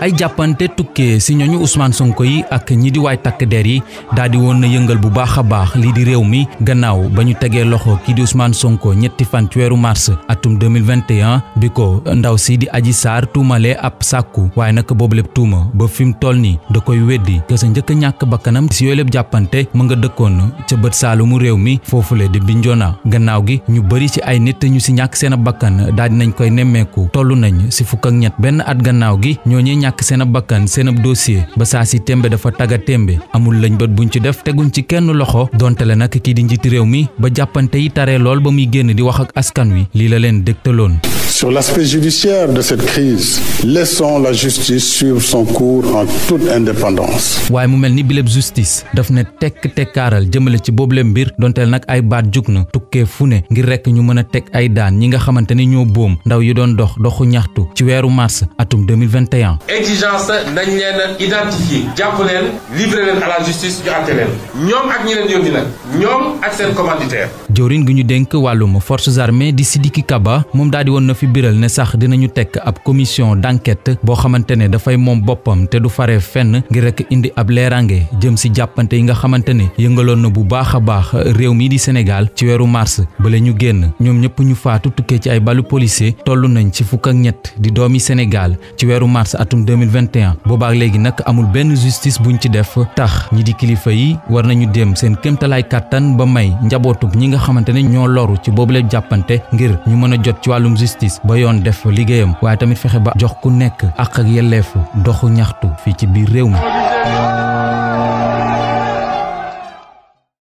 ay jàppante tuke si ñooñu Ousmane Sonko yi ak ñi di waay takk der yi daal di woon na yëngal bu baax a baax lii di réew mi gannaaw ba ñu tegee loxo kii di Ousmane Sonko ñetti fan weeru mars atum 2021 bi ko ndaw si di Adji tuumalee ab sàkku waaye nag boobu lépp tuuma ba fi toll ni da koy weddi ke sa njëkk ñàkk bakkanam si yooyu lépp jàppante mu nga dëkkoon ca bët saalumu réew mi di binjona gannaaw gi ñu ci ay nit ñu si ñàkk seen bakkan daal di nañ koy nemmeeku toll nañ si fukk ak ñett benn at gannaaw gi ñàkk seen bakkan seen dossier ba saa tembe dafa taga tembe amul lañ bët buñ ci def teguñ ci kenn loxo donte le nag kii di njiit réew mi ba yi tare lol ba muy génn di wax ak askan wi la Sur l'aspect judiciaire de cette crise, laissons la justice suivre son cours en toute indépendance. waaye mu melni bileb justice daf ne tek tekkaaral jëmele ci boobule bir dontel nak ay baat jukna na fune ngir rek ñu mëna a ay daan ñi nga xamanteni ni ñoo boom ndaw yu doon dox doxu ñaxtu ci wéru mars atum 2021. exigence nañ leen identifier jàpp leen livrer leen à la justice du àtte leen ñoom ak ñi leen nak ñom ak seen commanditaire. Jorin gi ñu denk walum forces armées di Sidiki Kaba mom daal di won fi biral ne sax dinañu tekk ab commission d'enquête boo xamante ne dafay moom boppam te du fare fenn ngir rek indi ab leeraange jëm si jàppante yi nga xamante ne yëngaloon na bu baax a baax réew mi di Sénégal ci weeru mars bala ñu génn ñoom ñëpp ñu faatu tukkee ci ay balu policier tollu nañ ci fukk ak ñett di doomi Sénégal ci weeru mars atum 2021 boobaak léegi nag amul benn justice buñ ci def tax ñi di kilifa yi war nañu dem seen kéemtalaay kàttan ba may njabootub ñi nga xamante ne ñoo ci boobule jàppante justice ba yoon def liggéeyam waaye tamit fexe ba jox ku nekk ak ak yelleefu doxu ñaxtu fii ci biir réew mi